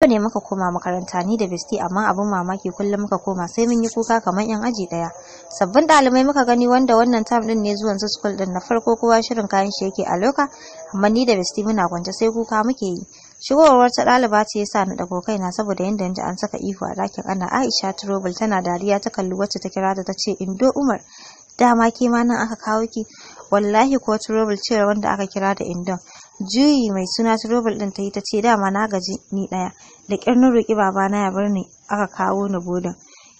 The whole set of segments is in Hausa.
Yau ne muka koma makaranta ni da Besti amma abin mamaki kullum muka koma sai mun yi kuka kamar yan aji daya. Sabbin ɗalibai muka gani wanda wannan tam din ne zuwan su school din na farko kowa shirin kayan shi yake a loka amma ni da Besti muna kwance sai kuka muke yi. Shigowar wata ɗaliba ce yasa na ɗago kaina saboda yanda yanzu an saka ihu a ɗakin ana Aisha Trouble tana dariya ta kalli wacce ta kira da ta ce Indo Umar dama ke ma nan aka kawo ki wallahi ko Trouble cewa wanda aka kira da indo. Juyi mai suna Robert ɗin ta yi ce dama na gaji ni ɗaya, da ƙyar na babana ya bar ni aka kawo ni bodin.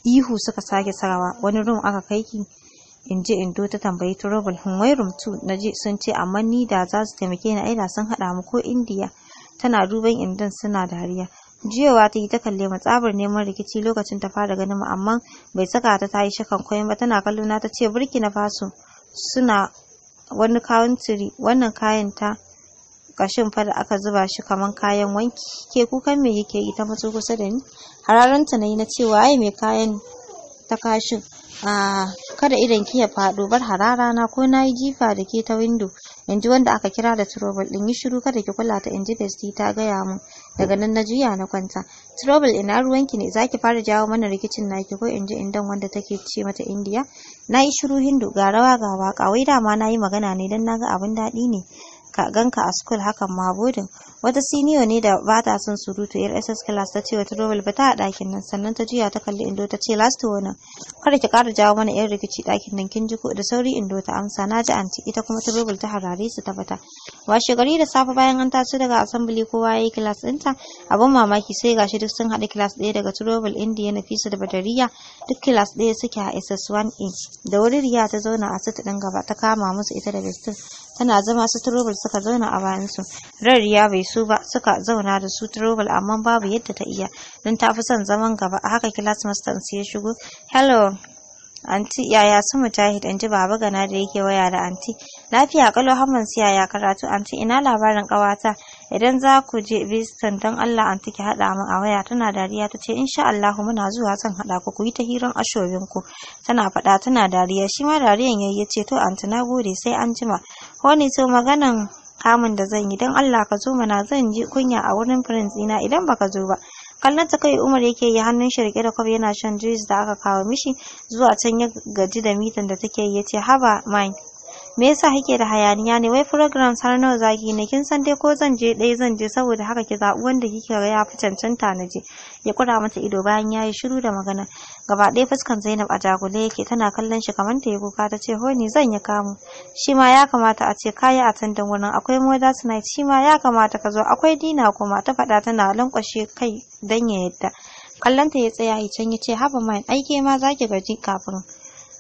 Ihu suka sake sarawa wani rum aka kai ki in je in ta tambayi Robert hin wai rum tu na je sun ce amma ni da za su taimake ni aida sun haɗa mu ko Indiya. Tana duban indan suna dariya. juyawa ta yi ta kalle tsabar neman rikici lokacin ta fara ganin mu amma bai saka ta ta yi shakan koyon ba tana kallo na ta ce Burkina Faso suna wani kawuntiri wannan kayan ta kashin fa aka zuba shi kaman kayan wanki ke kukan me yake ita ta kusa da ni hararanta na yi na cewa ai mai kayan ta kashin a kada idan ki ya faɗo bar harara na ko na yi jifa da ke ta windo in ji wanda aka kira da trouble din yi shiru kada ki kula ta in ji besti ta gaya mu, daga nan na juya na kwanta trouble ina ruwan ki ne zaki fara jawo mana rikicin naki ko in ji indan wanda take ce mata indiya na yi shiru hindu ga rawa ga waka wai dama na yi magana ne don na ga abin daɗi ne ka ganka a school hakan ma bodin wata senior ne da ba ta son surutu yar ss class ta ce wata dole bata ta a ɗakin nan sannan ta juya ta kalli indo ta ce last one kada ki kara jawo mana yar rikici ɗakin nan kin ji ko da sauri indo ta amsa na ji anti ita kuma ta ta harare su ta bata washe gari da safe bayan an taso daga assembly kowa ya yi class ɗinta abun mamaki sai gashi duk sun haɗu class ɗaya daga turobal indiya nafisa da badariya duk class ɗaya suke a ss1a da wuri riya ta zauna a sit ɗin gaba ta kama musu ita da bestin tana zama su turobal suka zauna a bayansu rariya bai su ba suka zauna da su turobal amma babu yadda ta iya don ta fi son zaman gaba a haka kilas mastan ya shigo hello anti yaya sama tahid anti baba gana da yake waya da anti lafiya kallo hamman su yaya karatu anti ina labarin kawata idan za ku je bistan don Allah anti ki hada min a waya tana dariya ta ce insha Allah muna zuwa zan hada ku ku yi ta hirar ashobin ku tana faɗa. tana dariya shi ma dariyan yayi ya ce to anti na gode sai an jima wani to maganan kamun da zan yi don Allah ka zo mana zan ji kunya a wurin prince ina idan baka zo ba kallon ta kai Umar yake yi hannun shi da kwaf yana shan juice da aka kawo mishi zuwa can ya gaji da mitan da take yi yace haba mine me yasa kike da hayaniya ne wai program har nawa zaki ne kin san dai ko zan je dai zan je saboda haka ki zabu wanda kike ga ya fi cancanta na je ya kura mata ido bayan yayi shiru da magana gaba ɗaya fuskan Zainab a jagule yake tana kallon shi kamar ta yi kuka ta ce ho ni zan ya kamu shi ma ya kamata a ce kai a tandan wurin akwai moda tonight shi ma ya kamata ka zo akwai dina kuma ta faɗa tana lankwashe kai dan ya yadda kallonta ya tsaya ya can ya ce haba mai aike ma zaki gaji kafin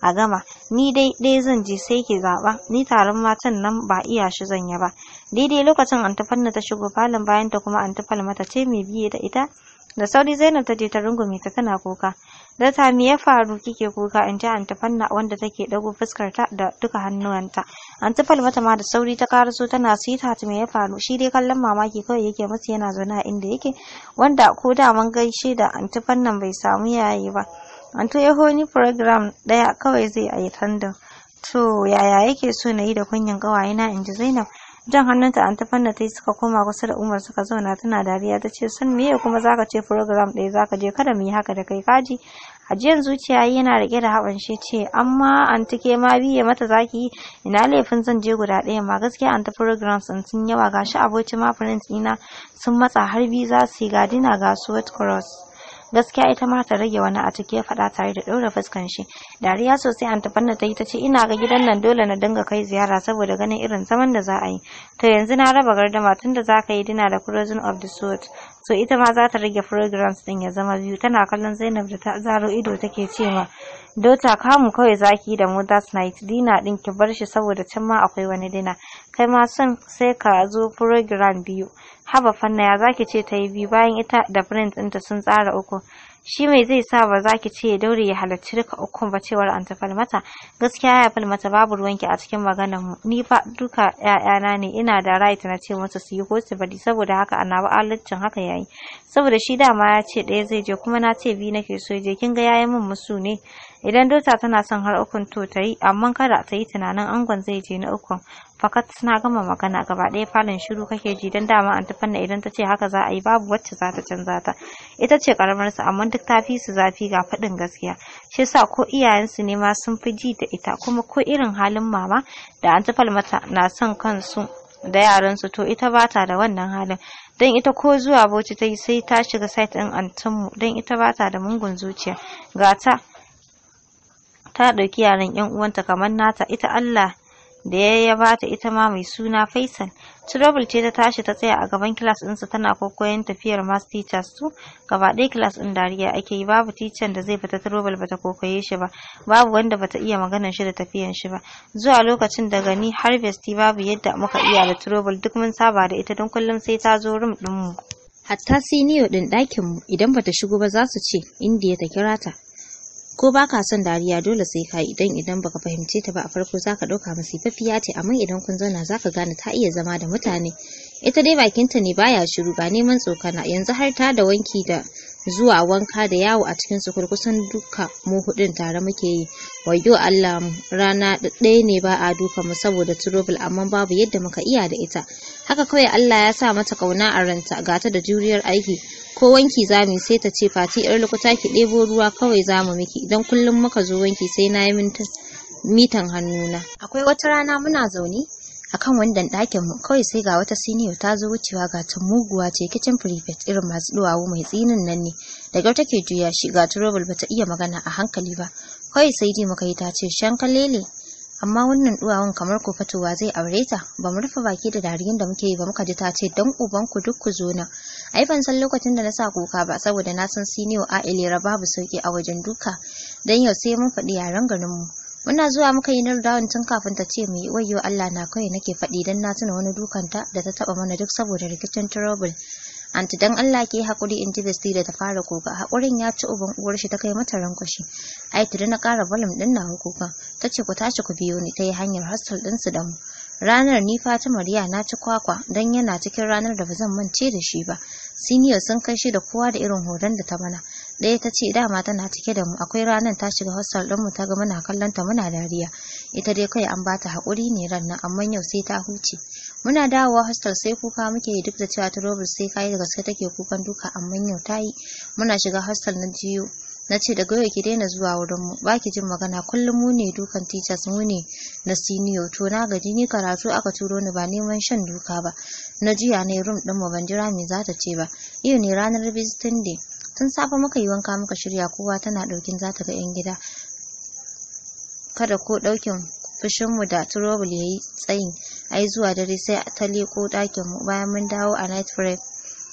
a gama ni dai dai zan je sai ki zaba ni taron matan nan ba iya shi zanya ba daidai lokacin an ta shigo falon bayan ta kuma an mata ta ce mai biye da ita da sauri zainab ta je ta rungume ta tana kuka da ta me ya faru kike kuka in ji antafanna wanda take dago fuskar ta da duka hannuwanta antafal mata ma da sauri ta karaso tana sita ta me ya faru shi dai kallon mamaki kawai yake masa yana zaune a inda yake wanda ko da mun gaishe da antafannan bai samu yayi ba yaho ni program daya kawai zai a yi tandon to yaya yake so na yi da kunyan ƙawayena in ji zainab jan hannunta an ta fanna ta suka koma kusa da umar suka zauna tana dariya ta ce sun miye kuma zaka ce program ɗaya zaka je kada mu yi haka da kai kaji ajiyan zuciya yana rike da haɓan shi ce amma an ke ma biye mata zaki yi ina laifin zan je guda ɗaya ma gaskiya an ta programs din sun yawa gashi abokin ma print dina sun matsa har biyu za su yi gadina ga suwet cross gaskiya ita ma ta rage wani a cikin faɗa tare da ɗora fuskan shi dariya sosai an fanna ta yi ta ce ina ga gidan nan dole na dinga kai ziyara saboda ganin irin zaman da za a yi to yanzu na raba gardama tunda za ka yi dina da prison of the sword so ita ma za ta rage fragrance din ya zama biyu tana kallon Zainab da ta zaro ido take cewa Dota kamu kawai zaki da mu that night dina din ki bar shi saboda can ma akwai wani dina kai ma son sai ka zo fragrance biyu haba fanna ya zaki ce ta yi biyu bayan ita da print ɗinta sun tsara uku shi mai zai sa ba za ki ce ya daure ya halarci duka ukun ba cewar anta falmata gaskiya ya mata babu ruwanki a cikin maganar mu ni fa duka ƴaƴana ne ina da right na ce masa su yi ko su bari saboda haka annabi alaccin haka yayi saboda shi dama ya ce ɗaya zai je kuma na ce biyu nake so je kin ga yayi min musu ne idan dota tana son har ukun to ta yi amma kada ta yi tunanin angon zai je na ukun fakat suna gama magana gaba ɗaya falon shiru kake ji don dama an na idan ta ce haka za a yi babu wacce za ta canza ta ita ce karamar su amma duk ta fi su zafi ga faɗin gaskiya shi yasa ko iyayensu ne ma sun fi ji da ita kuma ko irin halin mama da an tafi mata na son kansu da yaransu to ita ba ta da wannan halin don ita ko zuwa bauchi ta yi sai ta shiga site ɗin antinmu don ita ba ta da mungun zuciya gata ta ɗauki yaran 'yan uwanta kamar nata ita Allah da ya yaba ta ita ma mai suna Faisal. Trouble ce ta tashi ta tsaya a gaban kilas ɗinsa tana kokoyin tafiyar mass teachers su gaba ɗaya kilas ɗin dariya ake yi babu teacher da zai fita Trouble bata kokoye shi ba babu wanda bata iya maganar shi da tafiyan shi ba zuwa lokacin da gani harvest babu yadda muka iya da Trouble duk mun saba da ita don kullum sai ta zo rum ɗinmu. Hatta siniyo ɗin ɗakinmu idan bata shigo ba za su ce indiya ta kira ta ko ba ka son dariya dole sai ka yi don idan baka fahimce ta ba a farko zaka ɗauka masifaffiya ce amma idan kun zauna zaka gane ta iya zama da mutane ita dai bakinta ne baya shiru ba neman tsokana yanzu har ta da wanki da zuwa wanka da yawo a cikin sukur kusan duka mu hudun tare muke yi wayo Allah rana ɗaya ne ba a duka mu saboda trouble amma babu yadda muka iya da ita haka kawai Allah ya sa mata kauna a ranta ga ta da juriyar aiki ko wanki za sai ta ce fati yar lokuta ki ɗebo ruwa kawai zamu miki idan kullum muka zo wanki sai na yi mitan hannuna akwai wata rana muna zaune akan wandan ɗakin mu kawai sai ga wata senior ta zo wucewa ga ta muguwa ce kitchen prefect irin masu duwawu mai tsinin nan ne da gau take juya shi ga trouble bata iya magana a hankali ba kawai sai dai muka yi ta ce shan kalele amma wannan duwawun kamar ko fatowa zai aure ta ba mu rufe baki da dariyan da muke yi ba muka ji ta ce dan uban ku duk ku zo na ai ban san lokacin da na sa kuka ba saboda na san senior a ilera babu sauki a wajen duka dan yau sai mun faɗi yaren garin mu muna zuwa muka yi nil down tun kafin ta ce mai wayyo Allah na kai nake faɗi dan na tuna wani dukanta da ta taba mana duk saboda rikicin trouble anti dan Allah ke hakuri in ji besti da ta fara kuka hakurin ya ci uban uwar shi ta kai mata rankwashi ai tunda na ƙara volume din na hukuka ce ku tashi ku biyo ni ta yi hanyar hostel din su da mu ranar ni Fatima Riya na ci kwakwa dan yana cikin ranar da bazan mance da shi ba senior sun kai shi da kowa da irin horon da ta bana. ɗaya ta ce dama tana cike da mu akwai ranar ta shiga hostel ɗin mu ta ga muna kallon ta muna dariya ita dai kai an bata haƙuri ne ran nan amma yau sai ta huce muna dawowa hostel sai kuka muke duk da cewa robin sai kayi da gaske take kukan duka amma yau ta yi muna shiga hostel na jiyo na ce daga yau ki daina zuwa wurin mu ba ki jin magana kullum mu ne dukan teachers mu ne na senior to na gaji ni karatu aka turo ni ba neman shan duka ba na jiya ne room ɗin mu ban jira me za ta ce ba yau ne ranar visiting day tun safe muka yi wanka muka shirya kowa tana ɗaukin za ta ga 'yan gida kada ko ɗaukin fushinmu da turobul ya yi tsayin yi zuwa dare sai ta leko ɗakinmu bayan mun dawo a night prep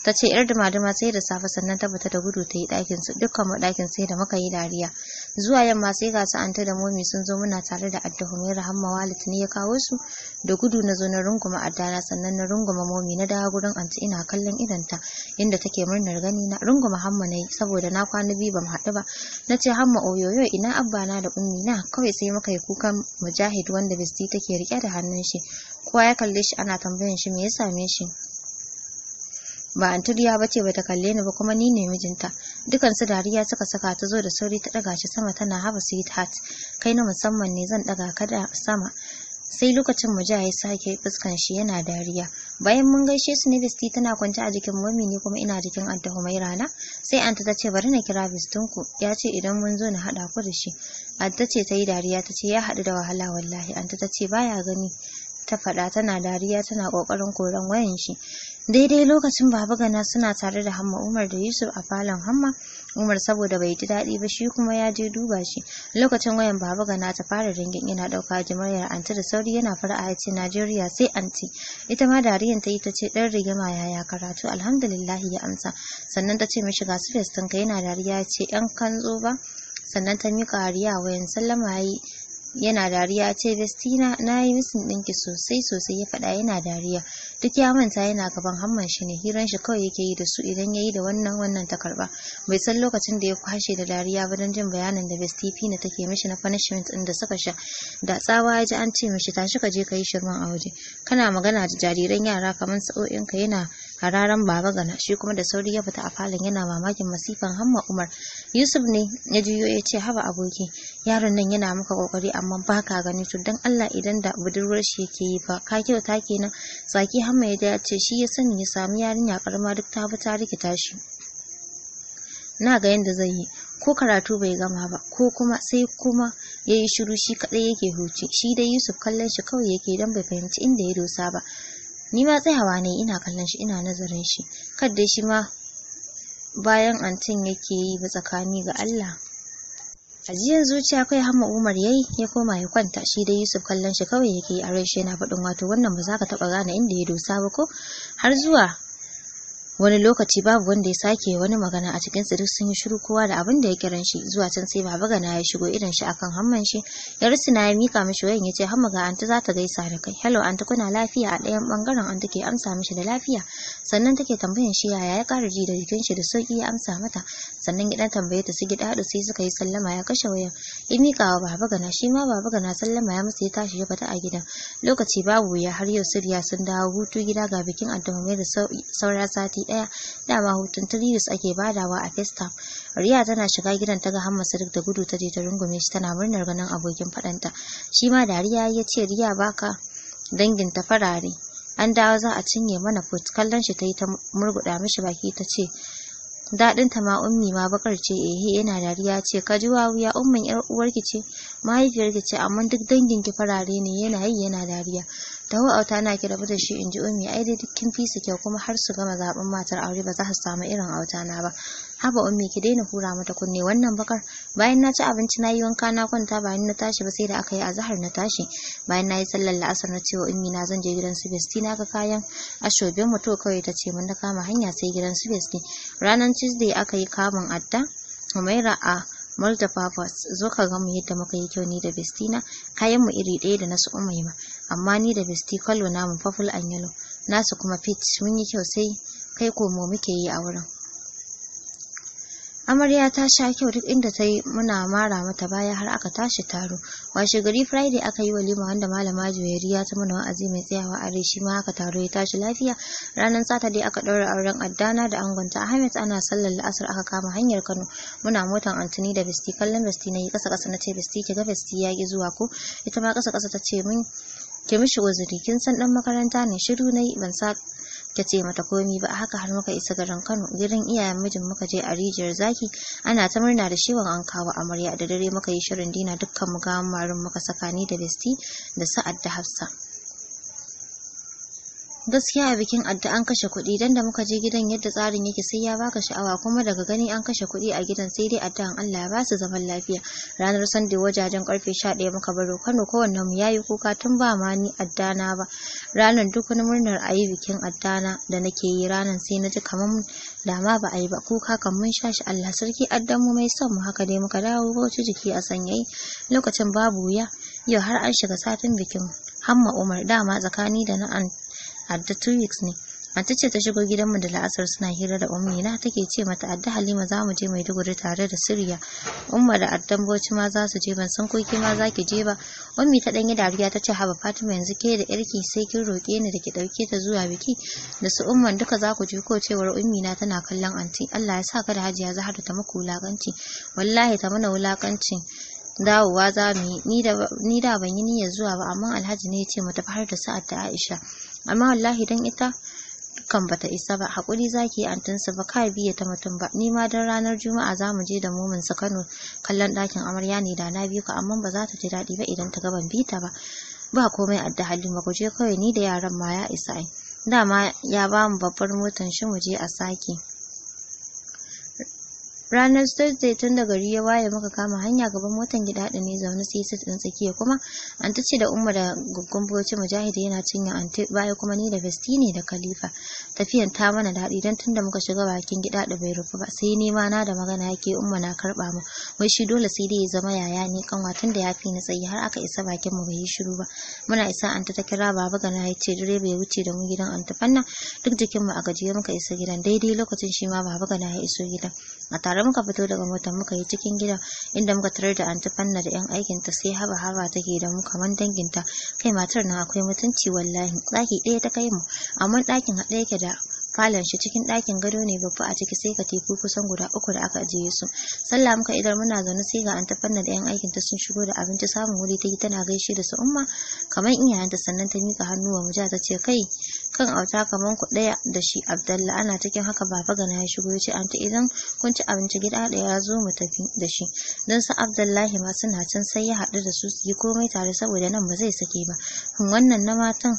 ta ce yar dumaduma sai da safe sannan ta fita da gudu ta yi ɗakin su dukkan ɗakin sai da muka yi dariya zuwa yamma sai ga su anta da momi sun zo muna tare da adda humaira hamma walid ne ya kawo su da gudu na zo na runguma dana sannan na runguma momi na dawo gurin anti ina kallon idanta inda take murnar gani na runguma hamma nayi saboda na kwana biyu ban haɗu ba na ce hamma oyoyo ina abba na da ummi na kawai sai muka yi kukan mujahid wanda bisti take rike da hannun shi kowa ya kalle shi ana tambayan shi me ya same shi ba turiya ba ce bata kalle ni ba kuma ni ne mijinta dukansu dariya suka saka ta zo da sauri ta daga shi sama tana haba heart kai na musamman ne zan daga ka da sama sai lokacin mu ja ya sake fuskan shi yana dariya bayan mun gaishe su ne bisti tana kwance a jikin mami ne kuma ina jikin anta humaira na sai anta ta ce bari na kira ku. ya ce idan mun zo na hada ku da shi anta ce ta yi dariya ta ce ya haɗu da wahala wallahi anta ta ce baya gani ta faɗa tana dariya tana ƙoƙarin koran wayan shi daidai lokacin baba gana suna tare da hamma umar da yusuf a falon hamma umar saboda bai ji daɗi ba shi kuma ya je duba shi lokacin wayan baba gana ta fara ringin yana ɗauka jimaryar anti da sauri yana far'a a ce najeriya sai anti ita ma dariyan ta yi ta ce ɗan rigima yaya karatu Alhamdulillahi ya amsa sannan ta ce mishi ga su festinka yana dariya ya ce yan kanzo ba sannan ta miƙa riya wayan sallama ya yi yana dariya ce vestina na yi musu ɗinki sosai sosai ya faɗa yana dariya duk ya manta yana gaban hamman shi ne hiran shi kawai yake yi da su idan ya yi da wannan wannan ta karɓa bai san lokacin da ya kwashe da dariya ba don jin bayanin da besti fina take mishi na punishment ɗin da suka sha da tsawa ya ji an ce mishi tashi ka je ka yi shirman a waje kana magana da jariran yara kamar sa'o'inka yana kararan baba gana shi kuma da sauri ya fita a falon yana mamakin masifan hamma Umar. Yusuf ne ya juyo ya ce haba aboki yaron nan yana maka kokari amma ba ka gani to dan Allah idan da budurwar shi yake yi ba ka ta kenan saki hamma ya ce shi ya sani ya samu yarinya karma duk ta fita ta rikita shi. na ga yadda zai yi ko karatu bai gama ba ko kuma sai kuma ya yi shiru shi kaɗai yake huce shi dai yusuf kallon shi kawai yake don bai fahimci inda ya dosa ba ni ma tsayawa ne ina kallon shi ina nazarin shi Kar dai shi ma bayan antin yake yi ba tsakani ga Allah ajiyar zuciya kai hamma Umar yayi ya koma ya kwanta shi dai Yusuf kallon shi kawai yake a rai shi yana faɗin wato wannan ba za ka taɓa gane inda ya dosa ba ko har zuwa wani lokaci babu wanda ya sake wani magana a cikin su duk sun yi shiru kowa da abin da ya kiran shi zuwa can sai baba gana ya shigo idan shi akan hamman shi ya rusuna ya mika mishi wayan yace hamma ga anta za ta gaisa da kai hello anta kuna lafiya a ɗayan bangaren anta ke amsa mishi da lafiya sannan take tambayan shi yaya ya ƙara ji da jikin shi da sauki ya amsa mata sannan gidan tambaye ta su gida sai suka yi sallama ya kashe wayan ya mika wa baba gana shi ma baba gana sallama ya masa ya tashi ya fita a gidan lokaci babu ya har yau sun dawo hutu gida ga bikin mai da saura sati daya dama hutun tiris ake badawa a festa riya tana shiga gidan ta ga hamma duk da gudu ta je ta rungume shi tana murnar ganin abokin fadanta shi ma dariya ya ce riya baka dangin ta farare an dawo za a cinye mana fut kallon shi ta yi ta murguda mishi baki ta ce daɗin ta ma ummi ma bakar ce ehe eh, yana dariya ce ka ji wawuya ummin yar uwarki ce mahaifiyarki ce amma duk dangin ki farare ne yana yi yana dariya taho na ki rabu da shi in ji ummi ai dai duk kin fisa kyau kuma har su gama zaben matar aure ba za su samu irin auta na ba haba ummi ki daina hura mata kunne wannan bakar bayan na ci abinci na yi wanka na kwanta bayan na tashi ba sai da aka yi zahar na tashi bayan na yi sallar la'asar na cewa ummi na zan je gidan su besti ga kayan ashobin mu to kawai ta ce mun na kama hanya sai gidan su besti ranar tuesday aka yi kamun adda humaira a multa zo ka ga mu yadda muka yi kyau ni da bestina kayan mu iri ɗaya da na su umaima amma ni da besti kallo mun faful an yalo. nasu kuma fit mun yi kyau sai kai komo muke yi a wurin amarya ta sha kyau duk inda ta yi muna mara mata baya har aka tashi taro washe gari friday aka yi walima wanda malama ya ta mana wa'azi mai tsayawa a shi ma aka taro ya tashi lafiya ranar sata dai aka ɗaura auren addana da angonta ahmed ana sallar la'asar aka kama hanyar kano muna motan antoni da besti kallon besti na yi kasa kasa na ce besti ki ga besti ya ƙi zuwa ko ita ma kasa kasa ta ce min ki mishi uzuri kin san dan makaranta ne shiru nayi ban sa ta ce mata komi ba haka har muka isa garin Kano gidan iyayen mijin muka je a rijiyar zaki ana ta murna da shiwon an kawo amarya da dare muka yi shirin dina dukkan mu ga marin muka saka ni da besti da sa'ad da Hafsa gaskiya a bikin adda an kashe kuɗi dan da muka je gidan yadda tsarin yake sai ya baka sha'awa kuma daga gani an kashe kuɗi a gidan sai dai addu'an Allah ya ba su zaman lafiya ranar sunday wajajen karfe 11 muka baro Kano kowanne mu yayi kuka tun ba ma ni addana ba ranar duk wani murnar ayi bikin addana da nake yi ranar sai na ji kamar da ma ba ayi ba kuka kan mun sha shi Allah sarki addan mu mai son mu haka dai muka dawo bauchi jiki a yayi lokacin babu wuya yau har an shiga satin bikin hamma Umar dama tsakani da na adda two weeks ne Mata ce ta shigo gidanmu da la'asar suna hira da ummi na take ce mata adda halima za mu je maiduguri tare da siriya umma da addan boci ma za su je ban san ko ma za ki je ba ummi ta danyi dariya ta ce haba fatima yanzu ke da yarki sai kin roƙe ni da ki dauke ta zuwa biki da su umman duka za ku je ko cewar ummi na tana kallon anti allah ya sa ka da hajiya za ta muku wulakanci wallahi ta mana wulakanci dawowa za mu yi ni da ban yi niyyar zuwa ba amma alhaji ne ya ce mu tafi har da sa'ad da aisha amma wallahi dan ita dukan bata isa ba hakuri zaki yi su ba kai biye ta mutum ba ni ma dan ranar juma'a za mu je da mumin su Kano kallon ɗakin amarya ne da na biyu ka amma ba za ta ji daɗi ba idan ta ga ban bi ba ba komai adda ba ku je kawai ni da yaran ma ya isa ai dama ya ba mu babbar motan shi mu je a sake ranar thursday tun da gari ya waye muka kama hanya gaban motan gida da ne zaune sai sit din tsakiya kuma an tace da umma da guggun boci mujahid yana cinya anti baya kuma ni da ne da khalifa tafiyan ta mana daɗi dan tunda muka shiga bakin gida da bai rufu ba sai ni ma na da magana yake umma na karba mu wai shi dole sai dai ya zama yaya ne kanwa da ya fi ni tsayi har aka isa bakin mu bai yi shiru ba muna isa anta ta kira baba gana ya ce direba ya wuce da mu gidan anta fanna duk jikin mu a gajiye muka isa gidan daidai lokacin shi ma baba gana ya iso gidan a tare muka fito daga mota muka yi cikin gidan inda muka tarar da anti fanna da yan aikin ta sai haba haba take da mu kaman danginta kai matar nan akwai mutunci wallahi ɗaki ɗaya ta kai mu amma ɗakin haɗe yake da falon shi cikin ɗakin gado ne babba a ciki sai ka katifu kusan guda uku da aka ajiye su sallah muka idan muna zaune sai ga an tafanna da yan aikin ta sun shigo da abinci samun wuri ta yi tana gaishe da su umma kamar iyayenta sannan ta mika hannu wa muja ta ce kai kan auta kamar ku ɗaya da shi abdalla ana cikin haka baba gana ya shigo ya ce an ta idan kun ci abinci gida ɗaya ya zo mu tafi da shi don su abdullahi ma suna can sai ya haɗu da su su yi komai tare saboda nan ba zai sake ba wannan na matan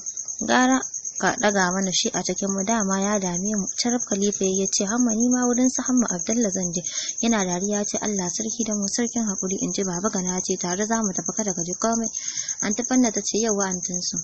gara ka daga mana shi a cikin mu dama ya dame mu tarab khalifa ya ce hamma ni ma wurin su hamma abdullah zan je yana dariya ce Allah sarki da mu sarkin hakuri in ji baba gana ce tare za mu tafi kada ka ji komai an tafanna ta ce yawa an tinsu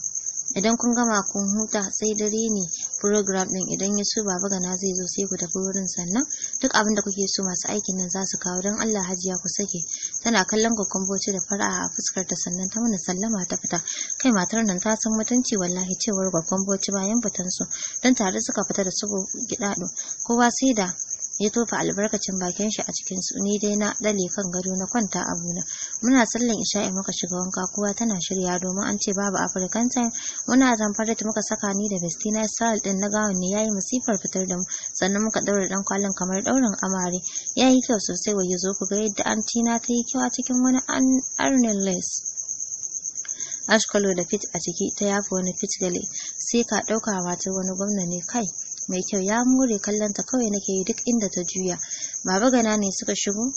idan kun gama kun huta sai dare ne program din idan ya so baba gana zai zo sai ku tafi wurin sannan duk abin da kuke so masu aikin nan za su kawo don Allah hajiya ku sake tana kallon gwaggon boci da fara'a a fuskar ta sannan ta mana sallama ta fita kai matar nan ta san mutunci wallahi cewar gwaggon boci bayan fitan su don tare suka fita da su gidado kowa sai da ya tofa albarkacin bakin shi a cikin su ni dai na dale kan gado na kwanta a abuna muna sallan isha'i muka shiga wanka kowa tana shirya domin an ce babu african time muna zamfar da muka saka ni da bestina style din na gawon ne yayi masifar fitar da mu sannan muka daura dan kwalin kamar daurin amare yayi kyau sosai waye zo ku ga yadda antina ta yi kyau a cikin wani arnel lace ashkalo da fit a ciki ta yafa wani fit gale sai ka ɗauka wata wani gwamna ne kai mai kyau ya more kallonta kawai nake yi duk inda ta juya baba gana ne suka shigo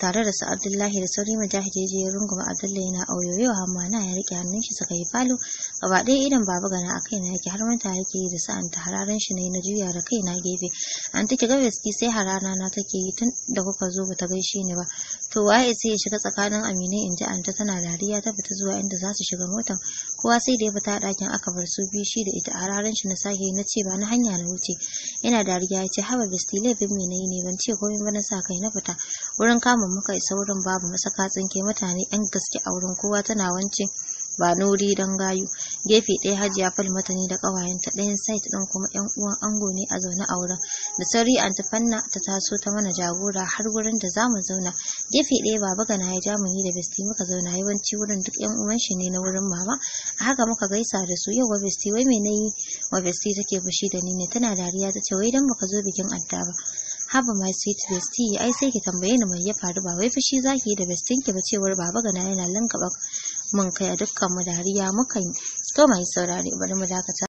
tare da su abdullahi da sauri majahid ya je ya runguma abdullahi yana auyoyo amma na ya rike hannun shi suka yi falo gaba ɗaya idan babu gana a kaina yake har manta yake yi da sa'an ta hararan shi ne na juya da kaina gefe an take ga gaski sai harana na take yi tun da kuka zo bata gaishe ni ba to waye sai ya shiga tsakanin aminai in ji anta tana dariya ta fita zuwa inda za su shiga motan kowa sai da ya fita ɗakin aka bar su biyu shi da ita hararan shi na sake na ce ba na hanya na wuce yana dariya ya ce haba gaski laifin me na yi ne ban ce komai ba na sa kai na fita wurin kama kafin muka yi wurin babu masaka tsinke mutane yan gaske a wurin kowa tana wance ba nuri don gayu gefe ɗaya hajiya falmata ne da ƙawayenta ɗayan site ɗin kuma yan uwan ango ne a zaune a wurin da sauri an fanna ta taso ta mana jagora har wurin da za mu zauna gefe ɗaya baba gana ya ja mu ni da besti muka zauna yawanci wurin duk yan uwan shi ne na wurin mama a haka muka gaisa da su yau wa besti wai me yi wa besti take fushi da ni ne tana dariya ta ce wai don baka zo bikin adda ba haba my sweet bestie ai sai ki tambaye ni mai ya faru ba wai fushi zaki da bestin ki ba cewar baba gana yana ba mun kai a dukkan mu dariya mukan to mai saurare bari mu dakata